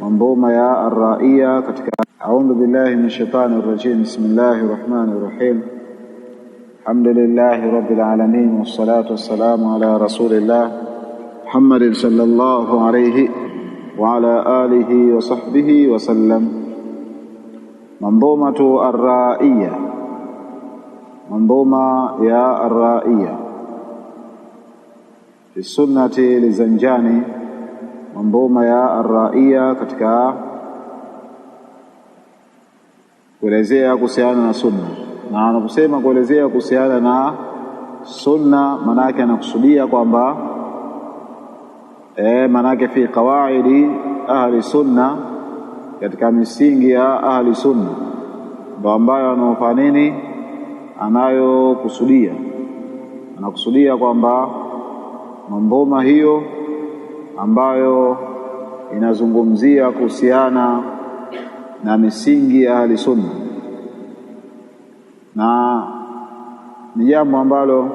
Wamboma ya Arraia katika A'udhu billahi min shaitani rajim Bismillahi rahmani rahim Alhamdulillahi rabbil alamin wassalatu wassalamu ala rasulillah Muhammadin sallallahu alayhi wa ala alihi wa sahbihi wa sallam Mandomatu Arraia Mandoma ya Arraia fi sunnati Lizanjani Mamboma ya Arraia katika kuelezea kuhusiana na sunna, na anaposema kuelezea kuhusiana na sunna maana yake anakusudia kwamba e, eh, maana yake fi qawaidi ahli sunna, katika misingi ya ahli sunna ndio ambayo anaofanya nini, anayokusudia anakusudia kwamba mamboma hiyo ambayo inazungumzia kuhusiana na misingi ya ahli sunna, na ni jambo ambalo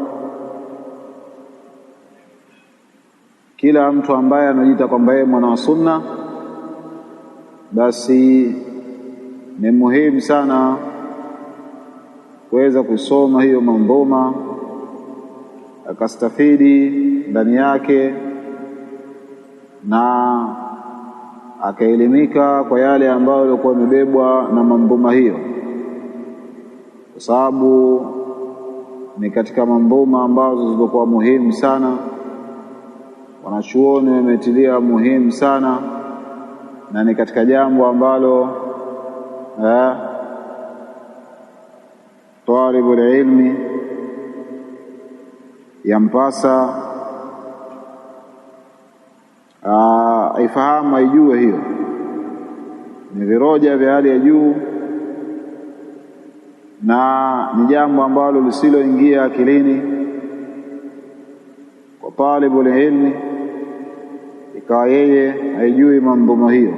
kila mtu ambaye anajiita kwamba yeye mwana wa sunna, basi ni muhimu sana kuweza kusoma hiyo manzuma akastafidi ndani yake na akaelimika kwa yale ambayo yalikuwa yamebebwa na mambuma hiyo, kwa sababu ni katika mambuma ambazo zilikuwa muhimu sana. Wanachuoni wametilia muhimu sana, na ni katika jambo ambalo eh, talibul ilmi yampasa Ah, aifahamu aijue, hiyo ni viroja vya hali ya juu na ni jambo ambalo lisiloingia akilini kwa talibul ilmi, ikawa yeye haijui mambo hiyo,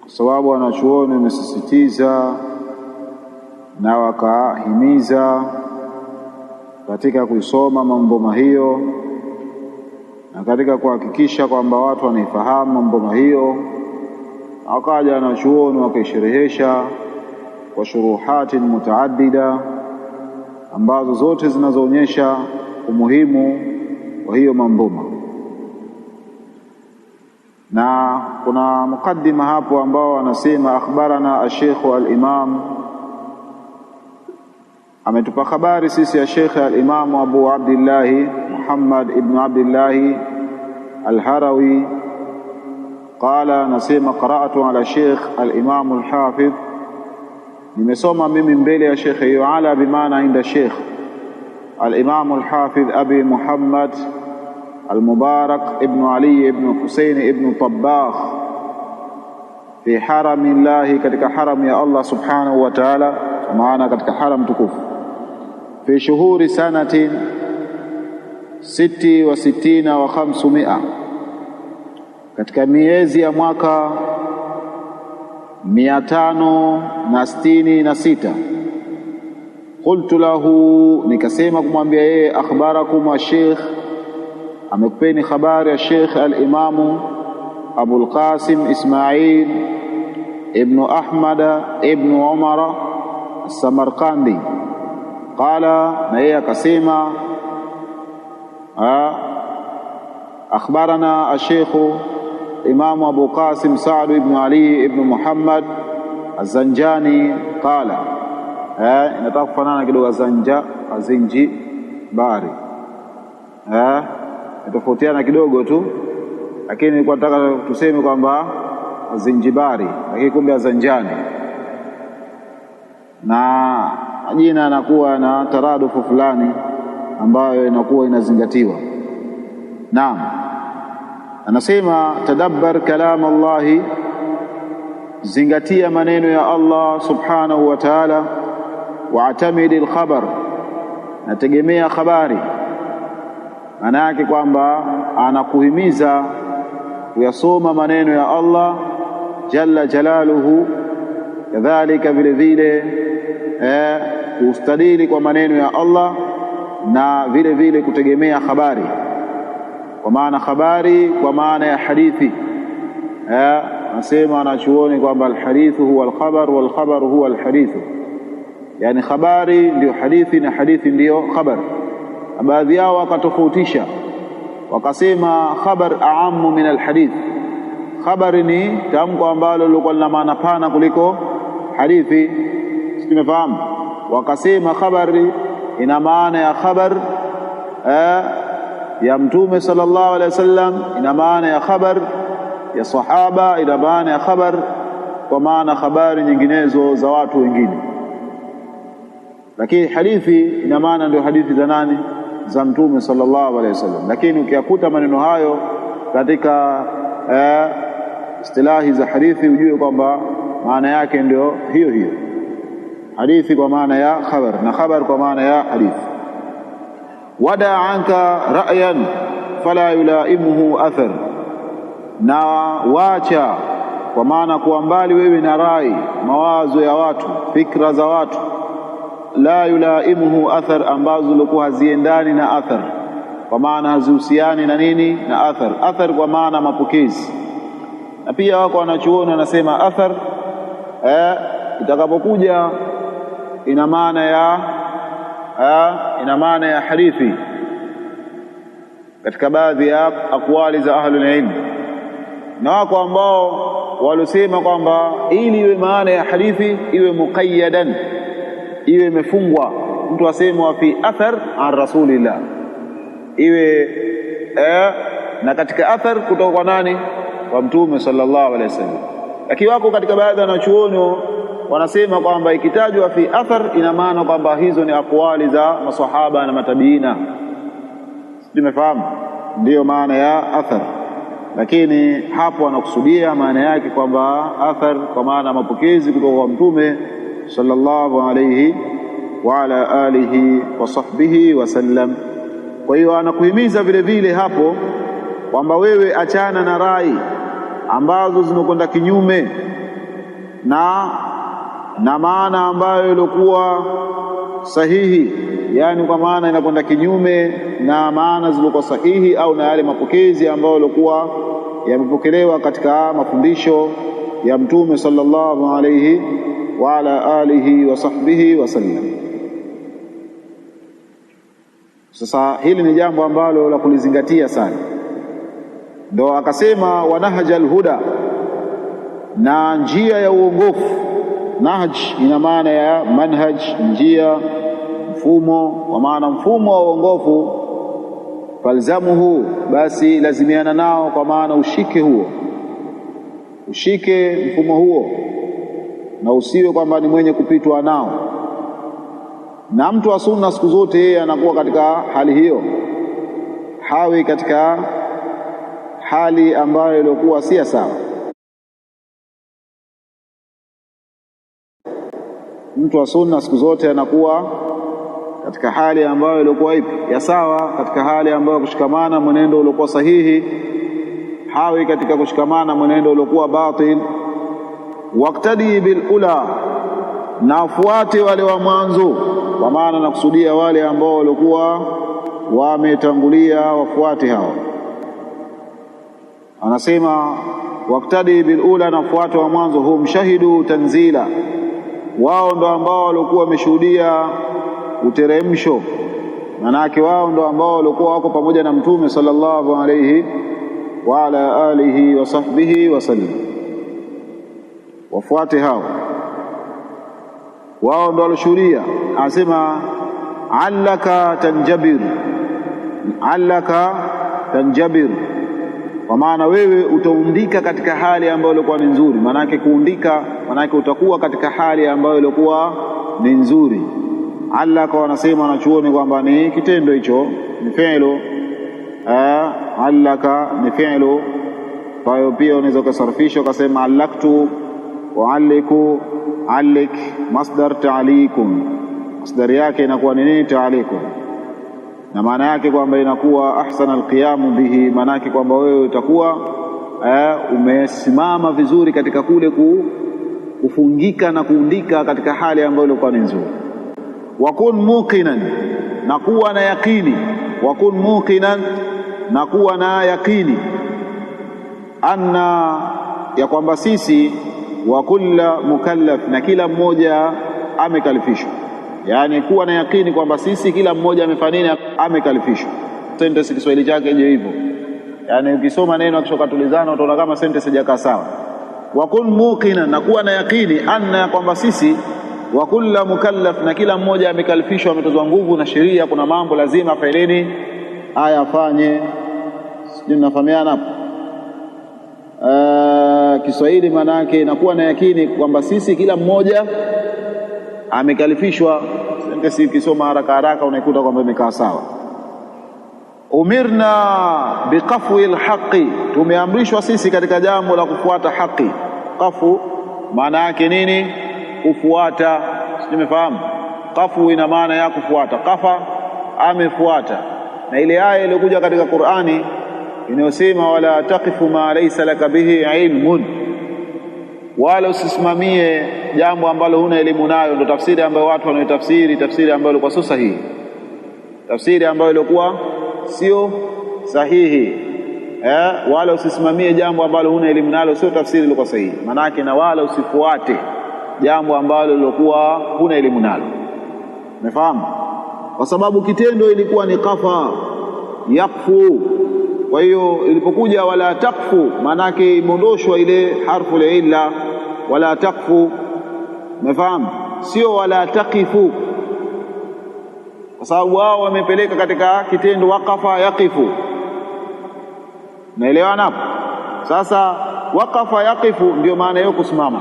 kwa sababu wanachuoni wamesisitiza na wakahimiza katika kuisoma mambo hiyo na katika kuhakikisha kwamba watu wanaifahamu ngoma hiyo, wakaja chuoni wakaisherehesha kwa shuruhatin mutaaddida ambazo zote zinazoonyesha umuhimu wa hiyo mamboma, na kuna mukaddima hapo ambao anasema akhbarana ashekhu alimam ametupa habari sisi ya Sheikh al-Imamu Abu Abdillahi Muhammad ibn Abdillahi al-Harawi qala, nasema qara'tu ala Sheikh al-Imamu al-Hafidh, nimesoma mimi mbele ya Sheikh hiyo, ala bimaana inda Sheikh al-Imamu al-Hafidh Abi Muhammad المبارك ابن علي ابن حسين ابن طباخ في حرم الله كتك حرم يا الله سبحانه وتعالى معنا كتك حرم تكفر fi shuhuri sanatin siti wa sitina wa khamsumia, katika miezi ya mwaka mia tano na sitini na sita. Qultu lahu, nikasema kumwambia yeye, akhbarakum ashekh amekupeni khabari ya Sheikh Alimamu Abul Qasim Ismail ibnu Ahmada ibnu Umara Samarkandi qala, na yeye akasema akhbarana ashekhu Imamu Abu Qasim Sa'd ibnu Ali ibnu Muhammad Azanjani qala, eh, inataka kufanana kidogo azanja azinji bari eh, kidogo tu, lakini nilikuwa nataka tuseme kwamba azinjibari, lakini kumbe azanjani na jina anakuwa na taradufu fulani ambayo inakuwa inazingatiwa. Naam, anasema tadabbar kalam Allahi, zingatia maneno ya Allah subhanahu wa ta'ala, waatamidi lkhabar, nategemea khabari. Maana yake kwamba anakuhimiza kuyasoma maneno ya Allah jalla jalaluhu, kadhalika vile vile eh, kustadili kwa maneno ya Allah na vile vile kutegemea habari, kwa maana habari kwa maana ya hadithi. Eh, nasema anachuoni kwamba alhadithu huwa alkhabar walkhabaru huwa alhadithu, yani habari ndiyo hadithi na hadithi ndiyo khabar. Na baadhi yao wakatofautisha wakasema, khabar aamu min alhadith, khabari ni tamko ambalo lilikuwa lina maana pana kuliko hadithi. Tumefahamu wakasema khabari ina maana ya khabar eh, ya mtume sallallahu alaihi wasallam ina maana ya khabar ya sahaba ina maana ya khabar kwa maana habari nyinginezo za watu wengine, lakini hadithi ina maana ndio hadithi za nani? Za mtume sallallahu alaihi wasallam. Lakini ukiyakuta maneno hayo katika eh, istilahi za hadithi, ujue kwamba maana yake ndio hiyo hiyo hadithi kwa maana ya khabar na khabar kwa maana ya hadithi. Wada anka ra'yan fala yulaimuhu athar, na wacha kwa maana kuwa mbali wewe na rai, mawazo ya watu, fikra za watu, la yulaimuhu athar, ambazo zilikuwa haziendani na athar, kwa maana hazihusiani na nini na athar. Athar kwa maana mapokezi, na pia wako wanachuoni wanasema athar eh, itakapokuja ina maana ya ina maana ya harifi katika baadhi ya akwali za ahlul ilm, na wako ambao walisema kwamba ili iwe maana ya harifi iwe muqayyadan, iwe imefungwa, mtu asema fi athar an rasulillah, iwe eh, na katika athar kutoka kwa nani? Kwa Mtume sallallahu alaihi wasallam. Lakini wako katika baadhi ya wanachuoni wanasema kwamba ikitajwa fi athar, ina maana kwamba hizo ni aqwali za masahaba na matabiina. Tumefahamu ndiyo maana ya athar, lakini hapo anakusudia maana yake kwamba athar kwa maana ya mapokezi kutoka kwa Mtume sallallahu alayhi wa ala alihi wa sahbihi wasallam. Kwa hiyo anakuhimiza vile vile hapo kwamba wewe achana na rai ambazo zimekwenda kinyume na na maana ambayo ilikuwa sahihi, yaani kwa maana inakwenda kinyume na maana zilizokuwa sahihi au na yale mapokezi ambayo yalikuwa yamepokelewa katika mafundisho ya Mtume sallallahu alayhi wa ala alihi wa sahbihi wasallam. Sasa hili ni jambo ambalo la kulizingatia sana, ndo akasema wanahajal huda, na njia ya uongofu Nahj ina maana ya manhaj, njia, mfumo. Kwa maana mfumo wa uongofu, falzamuhu, basi lazimiana nao, kwa maana ushike huo, ushike mfumo huo, na usiwe kwamba ni mwenye kupitwa nao. Na mtu wa sunna siku zote yeye anakuwa katika hali hiyo, hawi katika hali ambayo iliokuwa si sawa. mtu wa sunna siku zote anakuwa katika hali ambayo ilikuwa ipi ya sawa, katika hali ambayo kushikamana mwenendo uliokuwa sahihi, hawi katika kushikamana mwenendo uliokuwa batil. waktadi bil ula, na afuate wale wa mwanzo, kwa maana nakusudia wale ambao walikuwa wametangulia, wafuate hao. Anasema waktadi bil ula, na afuate wa mwanzo, hum shahidu tanzila wao ndo ambao waliokuwa wameshuhudia uteremsho, manake wao ndo ambao waliokuwa wako pamoja na Mtume sallallahu alayhi wa ala alihi wa sahbihi wasallam. Wafuate hao, wao ndo walioshuhudia. Anasema allaka tanjabir, allaka tanjabir kwa maana wewe utaundika katika hali ambayo ilikuwa ni nzuri. Maanake kuundika, maanake utakuwa katika hali ambayo ilikuwa ni nzuri. Allaka wanasema wanachuoni kwamba ni kitendo hicho, ni fi'lu eh, allaka, ni fi'lu hiyo pia unaweza ukasarfisha ukasema allaktu, ualliku, allik, masdar taalikum, masdari yake inakuwa ni nini? Taalikum na maana yake kwamba inakuwa ahsana alqiyamu bihi, maana yake kwamba wewe utakuwa eh, umesimama vizuri katika kule ku, kufungika na kuundika katika hali ambayo ilikuwa ni nzuri. Wakun muqinan, na kuwa na yaqini. Wakun muqinan, na kuwa na yaqini anna, ya kwamba sisi wa kulla mukallaf, na kila mmoja amekalifishwa yani kuwa na yakini kwamba sisi kila mmoja amefanini amekalifishwa. Sentence Kiswahili chake je hivyo, yani ukisoma neno kisha ukatulizana utaona kama sentence haijakaa sawa. Wa kun muqina, na kuwa na yakini anna, ya kwamba sisi wa kullu mukallaf, na kila mmoja amekalifishwa, ametozwa nguvu na sheria, kuna mambo lazima faileni haya afanye. Sijui mnafahamiana hapo. Eh, Kiswahili maana yake inakuwa na yakini kwamba sisi kila mmoja amekalifishwa. Sentensi ukisoma haraka haraka unaikuta kwamba imekaa sawa. Umirna biqafwi lhaqi, tumeamrishwa sisi katika jambo la kufuata haki. Qafu maana yake nini? Kufuata. Nimefahamu qafu ina maana ya kufuata, qafa amefuata, na ile aya iliyokuja katika Qur'ani inayosema wala taqifu ma laysa laka bihi ilmun, wala usisimamie jambo ambalo huna elimu nayo, ndo tafsiri ambayo watu wanaitafsiri, tafsiri ambayo ilikuwa sio sahihi, tafsiri ambayo ilikuwa sio sahihi eh, wala usisimamie jambo ambalo huna elimu nalo, sio tafsiri ilikuwa sahihi. Maanake na wala usifuate jambo ambalo lilokuwa huna elimu nalo, umefahamu? Kwa sababu kitendo ilikuwa ni kafa yakfu kwa hiyo ilipokuja wala takfu, maanake imeondoshwa ile harfu la illa, wala takfu Umefahamu? Sio wala taqifu, kwa sababu wao wamepeleka katika kitendo waqafa yaqifu. Naelewana hapo? Sasa waqafa yaqifu ndio maana hiyo kusimama.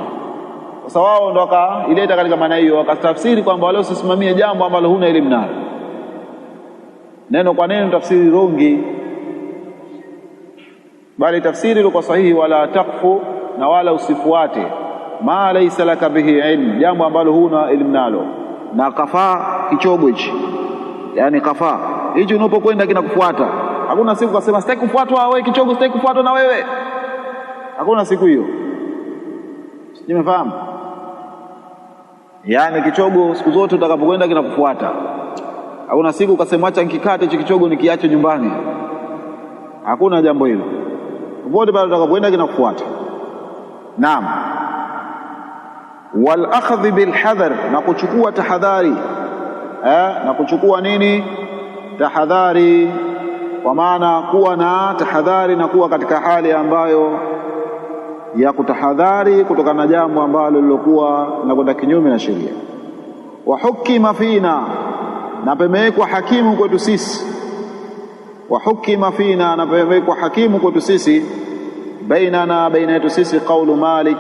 Sasa wao ndo wakaileta katika maana hiyo, wakatafsiri kwamba wale usisimamie jambo ambalo huna elimu nalo. Neno kwa neno tafsiri rongi, bali tafsiri ilikuwa sahihi, wala taqfu na wala usifuate ma laisa laka bihi ilm, jambo ambalo huna elimu nalo. Na kafaa kichogo hichi, yani kafaa hichi unapokwenda kinakufuata. Hakuna siku kasema sitaki kufuatwa wewe, kichogo, sitaki kufuatwa na wewe. Hakuna siku hiyo, nimefahamu. Yani kichogo siku zote utakapokwenda kinakufuata. Hakuna siku ukasema acha nikikate hicho kichogo nikiache nyumbani. Hakuna jambo hilo, popote pale utakapoenda kinakufuata. Naam wal akhdh bil hadhar, na kuchukua tahadhari eh, na kuchukua nini tahadhari, kwa maana kuwa na tahadhari na kuwa katika hali ambayo ya kutahadhari kutokana na jambo ambalo lilokuwa linakwenda kinyume na sheria. Wa hukima fina, na pemewekwa hakimu kwetu sisi. Wa hukima fina, na pemewekwa hakimu kwetu sisi, bainana, baina yetu sisi, qaulu Malik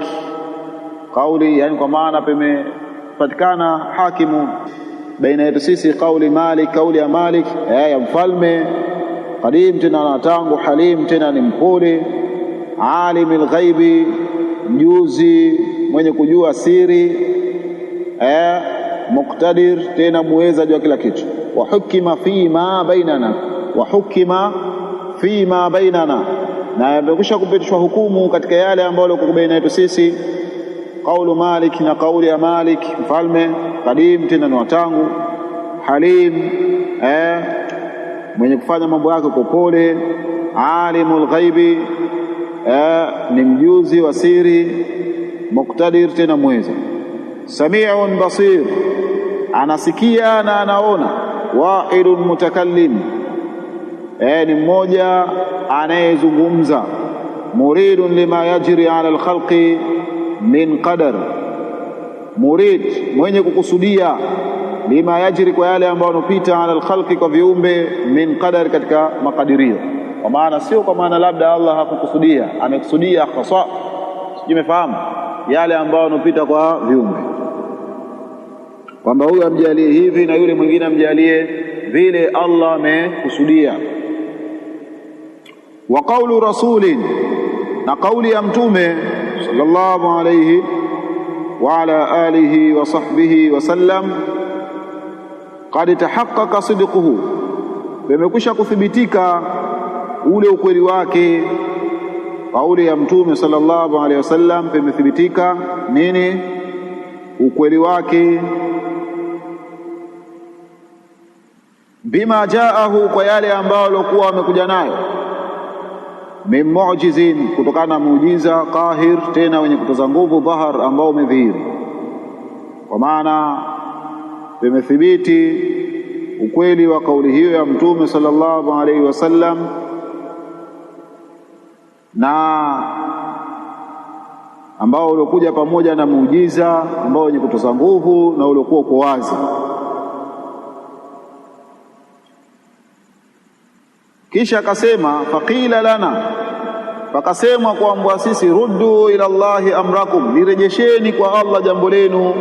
Kauli yani kwa maana pamepatikana hakimu baina yetu sisi, kauli Malik, kauli ya Malik ya mfalme qadim, tena na tangu, halim tena ni mpole, alimil ghaibi, mjuzi mwenye kujua siri, muktadir, tena muweza juu kila kitu. Wa hukima fi ma bainana, wa hukima fi ma bainana, na amekwisha kupitishwa hukumu katika yale ambayo liko baina yetu sisi qaulu Malik, na kauli ya Malik mfalme. kadim, tena ni watangu. Halim, eh, mwenye kufanya mambo yake kwa pole Alimul ghaibi, eh, ni mjuzi wa siri. Muktadir, tena mweza. Samiun basir, anasikia na anaona. Wailun mutakallim, eh, ni mmoja anayezungumza. Muridun lima yajri ala alkhalqi min qadar, murid mwenye kukusudia, lima yajri, kwa yale ambayo yanopita, ala alkhalqi, kwa viumbe, min qadar, katika makadirio. Kwa maana sio kwa maana labda Allah hakukusudia, amekusudia khasa, sijui umefahamu, yale ambayo yanopita kwa viumbe, kwamba huyu amjalie hivi na yule mwingine amjalie vile, Allah amekusudia. Wa qaulu rasulin, na kauli ya mtume sallallahu alayhi wa ala alihi wa sahbihi wasallam. Qad tahaqqaqa sidquhu, vimekwisha kuthibitika ule ukweli wake. Kauli ya Mtume sallallahu alayhi wasallam, pemethibitika nini? Ukweli wake. Bima jaahu, kwa yale ambayo alikuwa wamekuja nayo min mu'jizin, kutokana na muujiza qahir, tena wenye kutoza nguvu dhahar, ambao umedhihiri. Kwa maana vimethibiti ukweli wa kauli hiyo ya Mtume sallallahu alaihi wasallam na ambao uliokuja pamoja na muujiza ambao wenye kutoza nguvu na uliokuwa uko wazi Kisha akasema faqila lana, pakasemwa kwamba sisi, ruddu ila llahi amrakum, nirejesheni kwa Allah jambo lenu.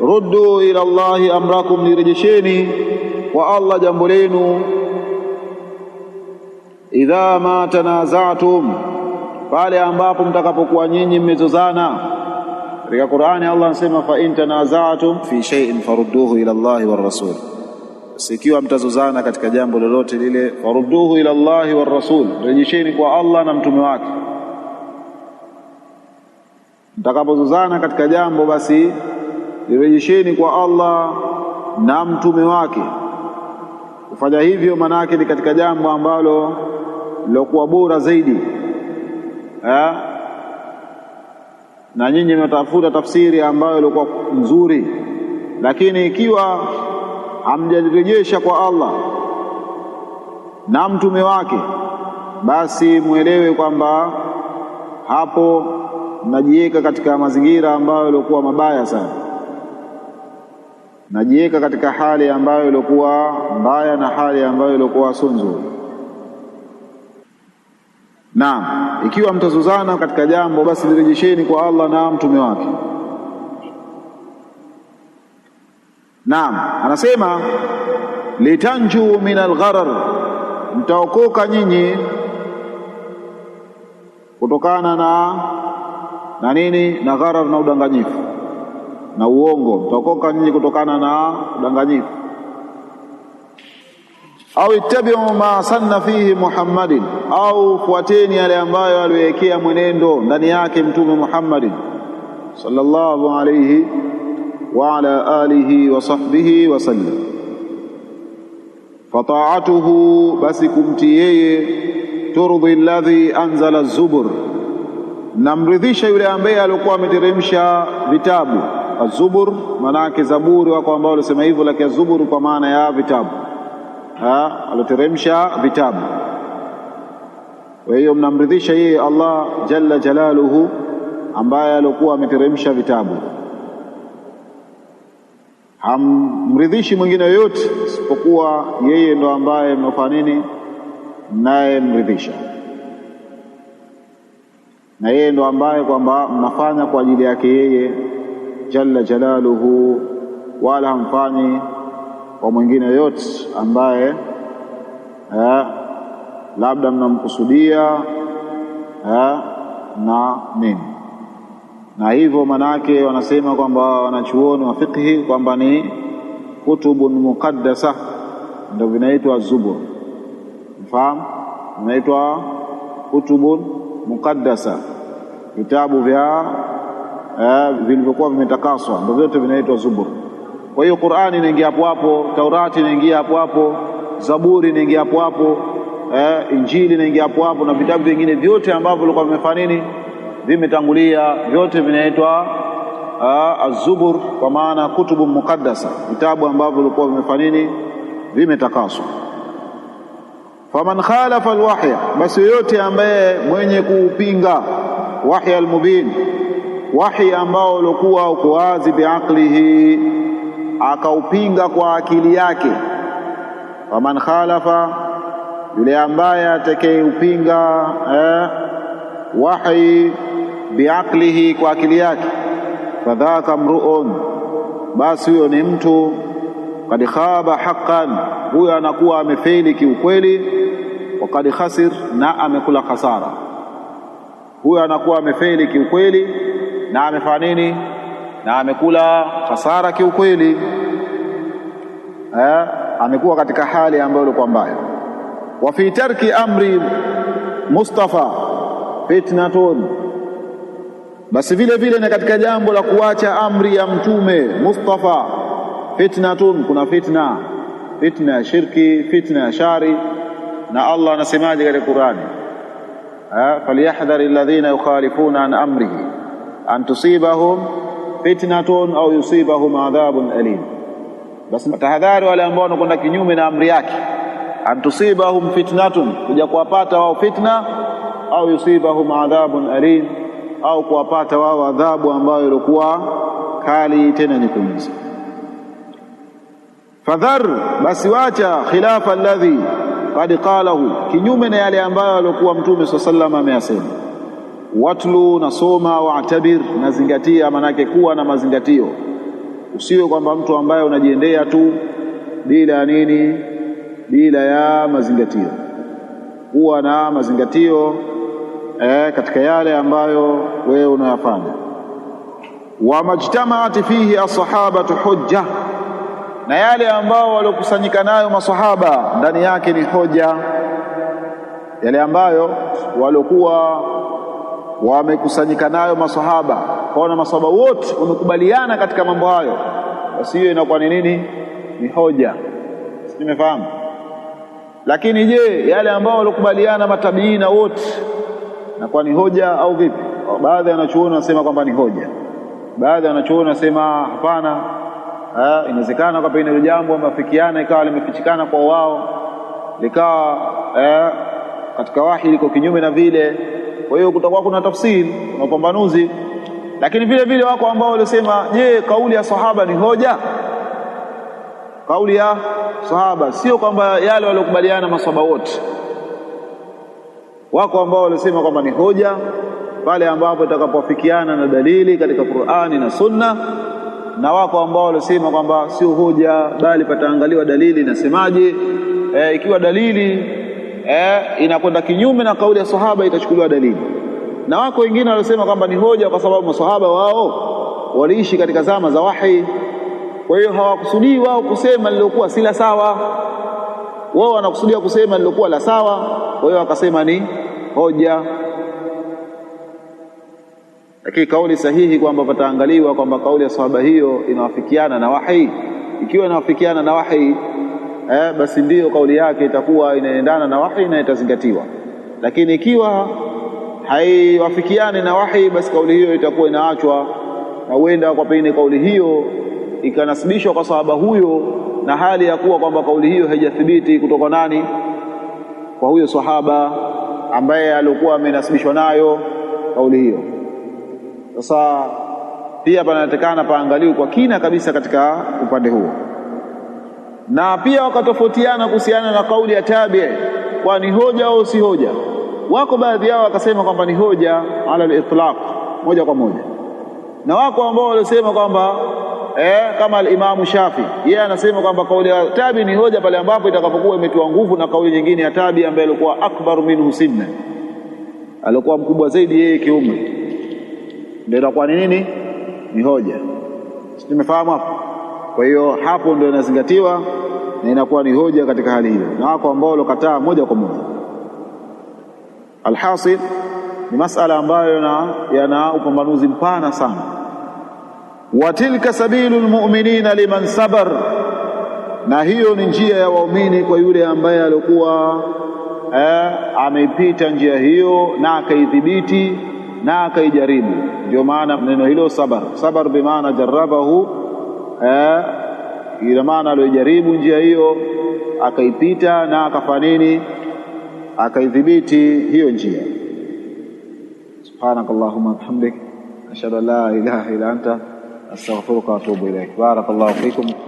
Ruddu ila llahi amrakum, nirejesheni kwa Allah jambo lenu. Idha ma tanazatum, pale ambapo mtakapokuwa nyinyi mmezozana. Katika Qur'ani Allah anasema fa in tanazatum fi shay'in farudduhu ila llahi war rasul sikiwa mtazozana katika jambo lolote lile, farudduhu ila Allahi wa rasul, rejesheni kwa Allah na mtume wake. Mtakapozozana katika jambo, basi lirejesheni kwa Allah na mtume wake. Kufanya hivyo maanake ni katika jambo ambalo lilokuwa bora zaidi ha? na nyinyi mnatafuta tafsiri ambayo ilikuwa nzuri, lakini ikiwa hamjarejesha kwa Allah na mtume wake, basi mwelewe kwamba hapo najiweka katika mazingira ambayo yalikuwa mabaya sana, najiweka katika hali ambayo iliokuwa mbaya na hali ambayo iliokuwa sio nzuri. Naam, ikiwa mtazuzana katika jambo, basi lirejesheni kwa Allah na mtume wake. Naam, anasema litanju min algharar, mtaokoka nyinyi kutokana na na nini? Na gharar, na udanganyifu na uongo, mtaokoka nyinyi kutokana na udanganyifu. Au ittabiu ma sanna fihi Muhammadin, au fuateni yale ambayo aliwekea mwenendo ndani yake Mtume Muhammadin sallallahu alayhi wa ala alihi wa sahbihi wasallam. Fataatuhu, basi kumtii yeye, turdhi alladhi anzala az-zubur, namridhisha yule ambaye alikuwa ameteremsha vitabu. Az-zubur maana yake Zaburi, wako ambao walisema hivyo, lakini az-zubur kwa maana ya vitabu, alioteremsha vitabu. Kwa hiyo mnamridhisha yeye Allah jalla jalaluhu, ambaye alikuwa ameteremsha vitabu hamridhishi mwingine yoyote isipokuwa yeye ndo ambaye mnafanya nini naye mridhisha, na yeye ndo ambaye kwamba mnafanya kwa ajili yake yeye jalla jalaluhu, wala hamfanyi kwa mwingine yoyote ambaye eh, labda mnamkusudia eh, na nini na hivyo manake wanasema kwamba wanachuoni wa fiqhi kwamba ni kutubun muqaddasa, ndio vinaitwa zubur. Mfahamu, vinaitwa kutubun muqaddasa, vitabu vya eh, vilivyokuwa vimetakaswa, ndio vyote vinaitwa zubur. Kwa hiyo Qur'ani inaingia hapo hapo, Taurati inaingia hapo hapo, Zaburi inaingia hapo hapo, eh, Injili inaingia hapo hapo, na vitabu vingine vyote ambavyo vilikuwa vimefanya nini vimetangulia, vyote vinaitwa azubur, ah, kwa maana kutubu mukaddasa, vitabu ambavyo vilikuwa vimefanini vimetakaswa. Faman khalafa alwahya, basi yoyote ambaye mwenye kuupinga wahya almubin, wahi ambao ulikuwa uko wazi, biaqlihi, akaupinga kwa akili yake. Faman khalafa yule ambaye atakayeupinga eh, wahi biaqlihi, kwa akili yake. Fadhaka mruun, basi huyo ni mtu kad khaba haqqan, huyo anakuwa amefeli kiukweli. Wa kad khasir, na amekula khasara, huyo anakuwa amefeli kiukweli na amefanya nini? Na amekula khasara kiukweli, eh, amekuwa katika hali ambayo ilikuwa mbaya. Wa fi tarki amri Mustafa fitnatun basi vile vile na katika jambo la kuacha amri ya Mtume Mustafa, fitnatun, kuna fitna, fitna ya shirki, fitna ya shari. Na Allah anasemaje katika Qur'ani? falyahdhari alladhina yukhalifuna an amrihi an tusibahum fitnatun au yusibahum adhabun alim. Basi tahadhari wale ambao wanakwenda kinyume na amri yake, an tusibahum fitnatun, kuja kuwapata wao fitna, au yusibahum adhabun alim au kuwapata wao adhabu ambayo ilikuwa kali tena nyekumiza. Fadhar, basi wacha khilafa alladhi qad qalahu, kinyume na yale ambayo aliokuwa Mtume swalla sallam ameyasema. Watlu, nasoma. watabir nazingatia, manake kuwa na mazingatio, usiwe kwamba mtu ambaye unajiendea tu bila ya nini, bila ya mazingatio. Kuwa na mazingatio eh, katika yale ambayo wewe unayafanya. majtamaati fihi assahabatu hujja, na yale ambao waliokusanyika nayo masahaba ndani yake ni hoja, yale ambayo waliokuwa wamekusanyika nayo masahaba kwaona masahaba wote wamekubaliana katika mambo hayo, basi hiyo inakuwa ni nini? Ni hoja. Nimefahamu. Lakini je, yale ambao waliokubaliana matabiina wote kwa ni hoja au vipi? Baadhi ya wanachuoni wanasema kwamba ni hoja, baadhi ya wanachuoni wanasema hapana, eh, inawezekana kwamba hilo jambo wameafikiana ikawa limefichikana kwa wao likawa eh, katika wahi liko kinyume na vile. Kwa hiyo kutakuwa kuna tafsiri, na upambanuzi, lakini vile vile wako ambao walisema, je, kauli ya sahaba ni hoja? Kauli ya sahaba sio kwamba yale waliokubaliana masahaba wote Wako ambao walisema kwamba ni hoja pale ambapo itakapoafikiana na dalili katika Qur'ani na Sunna, na wako ambao walisema kwamba sio hoja, bali pataangaliwa dalili inasemaje. E, ikiwa dalili e, inakwenda kinyume na kauli ya sahaba itachukuliwa dalili, na wako wengine walisema kwamba ni hoja kwa sababu masahaba wao waliishi katika zama za wahi, kwa hiyo hawakusudii wao kusema lilokuwa sila sawa wao wanakusudia kusema lilokuwa la sawa, kwa hiyo wakasema ni hoja. Lakini kauli sahihi kwamba pataangaliwa kwamba kauli ya sahaba hiyo inawafikiana na wahi. Ikiwa inawafikiana na wahi eh, basi ndiyo kauli yake itakuwa inaendana na wahi na itazingatiwa, lakini ikiwa haiwafikiani na wahi, basi kauli hiyo itakuwa inaachwa, na huenda kwa pengine kauli hiyo ikanasibishwa kwa sahaba huyo na hali ya kuwa kwamba kauli hiyo haijathibiti kutoka nani, kwa huyo sahaba ambaye alikuwa amenasibishwa nayo kauli hiyo. Sasa pia panatakana paangaliwe kwa kina kabisa katika upande huo, na pia wakatofautiana kuhusiana na kauli ya tabi'i, kwa ni hoja au si hoja. Wako baadhi yao wakasema kwamba ni hoja ala al-itlaq, moja kwa moja, na wako ambao walisema kwamba eh, kama alimamu Shafi yeye anasema kwamba kauli ya tabi ni hoja pale ambapo itakapokuwa imetiwa nguvu na kauli nyingine ya tabi ambaye alikuwa akbaru minhu sinna, alikuwa mkubwa zaidi yeye kiumri, ndio inakuwa ni nini? Ni hoja. Nimefahamu hapo. Kwa hiyo hapo ndio inazingatiwa na inakuwa ni hoja katika hali hiyo, na wako ambao walokataa moja kwa moja. Alhasil ni masala ambayo yana upambanuzi mpana sana wa tilka sabilu lmuminina liman sabar, na hiyo ni njia ya waumini kwa yule ambaye alikuwa eh, ameipita njia hiyo na akaidhibiti na akaijaribu. Ndio maana neno hilo sabar, sabar maana jarabahu eh, ina maana aliyojaribu njia hiyo akaipita na akafanya nini, akaidhibiti hiyo njia. Subhanakallahumma bihamdik ashhadu an la ilaha illa anta استغفرك واتوب اليك بارك الله فيكم